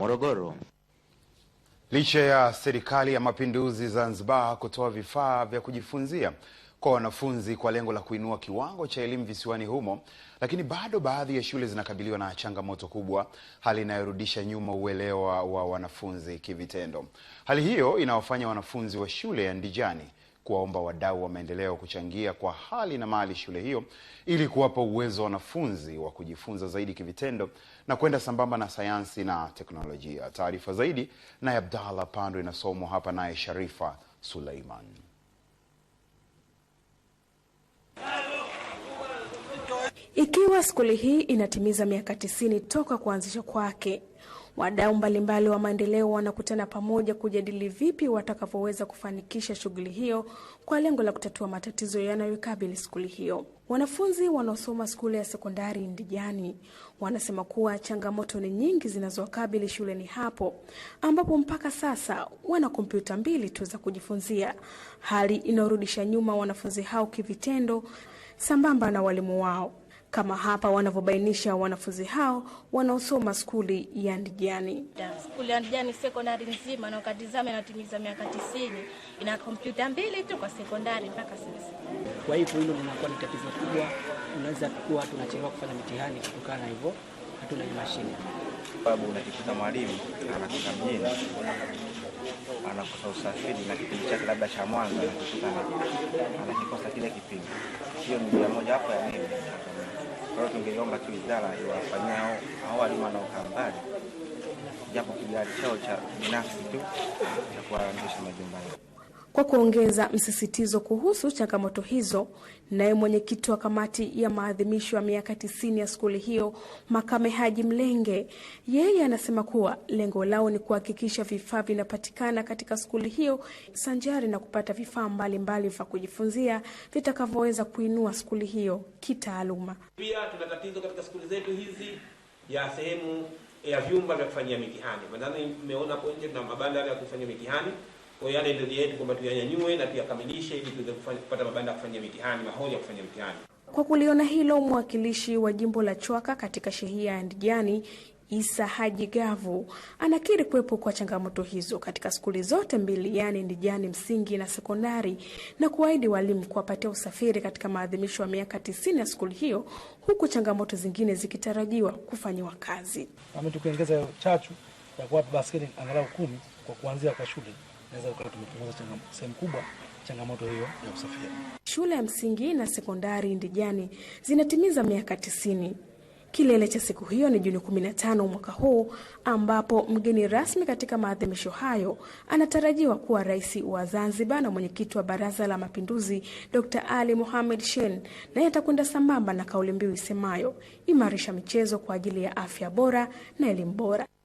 Morogoro. Licha ya serikali ya mapinduzi Zanzibar kutoa vifaa vya kujifunzia kwa wanafunzi kwa lengo la kuinua kiwango cha elimu visiwani humo, lakini bado baadhi ya shule zinakabiliwa na changamoto kubwa, hali inayorudisha nyuma uelewa wa wanafunzi kivitendo. Hali hiyo inawafanya wanafunzi wa shule ya Ndijani kuwaomba wadau wa maendeleo kuchangia kwa hali na mali shule hiyo ili kuwapa uwezo wanafunzi wa kujifunza zaidi kivitendo na kwenda sambamba na sayansi na teknolojia. Taarifa zaidi naye Abdallah pando inasomwa hapa naye Sharifa Suleiman. Ikiwa skuli hii inatimiza miaka tisini toka kuanzishwa kwake, wadau mbalimbali wa maendeleo wanakutana pamoja kujadili vipi watakavyoweza kufanikisha shughuli hiyo kwa lengo la kutatua matatizo yanayoikabili skuli hiyo. Wanafunzi wanaosoma skuli ya sekondari Ndijani wanasema kuwa changamoto ni nyingi zinazowakabili shuleni hapo, ambapo mpaka sasa wana kompyuta mbili tu za kujifunzia, hali inayorudisha nyuma wanafunzi hao kivitendo, sambamba na walimu wao kama hapa wanavyobainisha wanafunzi hao wanaosoma skuli ya Ndijani. Skuli ya Ndijani sekondari nzima, na ukatizama inatimiza miaka tisini, ina kompyuta mbili tu kwa sekondari mpaka sasa. Kwa hivyo hilo linakuwa ni tatizo kubwa, unaweza kuwa tunachelewa kufanya mitihani kutokana na hivyo hatuna mashine, sababu unajikuta mwalimu anatoka mjini anakosa usafiri na kipindi chake labda cha mwanzo anakikosa kile kipindi. Hiyo ni njia moja hapo ya mimi kwa hiyo tungeliomba tu wizara iwafanyao hao walimu wanaokaa mbali, japo kigari chao cha binafsi tu cha kuwaanzisha majumbani. Kwa kuongeza msisitizo kuhusu changamoto hizo, naye mwenyekiti wa kamati ya maadhimisho ya miaka tisini ya skuli hiyo Makame Haji Mlenge, yeye anasema kuwa lengo lao ni kuhakikisha vifaa vinapatikana katika skuli hiyo sanjari na kupata vifaa mbalimbali vya kujifunzia vitakavyoweza kuinua skuli hiyo kitaaluma. Pia tuna tatizo katika skuli zetu hizi ya sehemu ya vyumba vya kufanyia mitihani, maana nimeona hapo nje tuna mabanda ya kufanyia mitihani kwa hiyo yale ndio yetu kwamba tuyanyanyue na tuyakamilishe ili tuweze kupata mabanda ya kufanyia mitihani, maholi ya kufanyia mitihani. Kwa kuliona hilo, mwakilishi wa jimbo la Chwaka katika shehia ya Ndijani Isa Haji Gavu anakiri kuwepo kwa changamoto hizo katika skuli zote mbili, yani Ndijani msingi na sekondari, na kuahidi walimu kuwapatia usafiri katika maadhimisho ya miaka tisini ya skuli hiyo, huku changamoto zingine zikitarajiwa kufanyiwa kazi. Ametukuongeza chachu ya kuwapa basketi angalau kumi kwa kuanzia kwa shule naweza kuwa tumepunguza sehemu kubwa changamoto hiyo ya usafiri. Shule ya msingi na sekondari ndijani zinatimiza miaka tisini. Kilele cha siku hiyo ni Juni 15 mwaka huu, ambapo mgeni rasmi katika maadhimisho hayo anatarajiwa kuwa Rais wa Zanzibar na mwenyekiti wa Baraza la Mapinduzi Dr Ali Mohamed Shein, naye atakwenda sambamba na kauli mbiu isemayo imarisha michezo kwa ajili ya afya bora na elimu bora.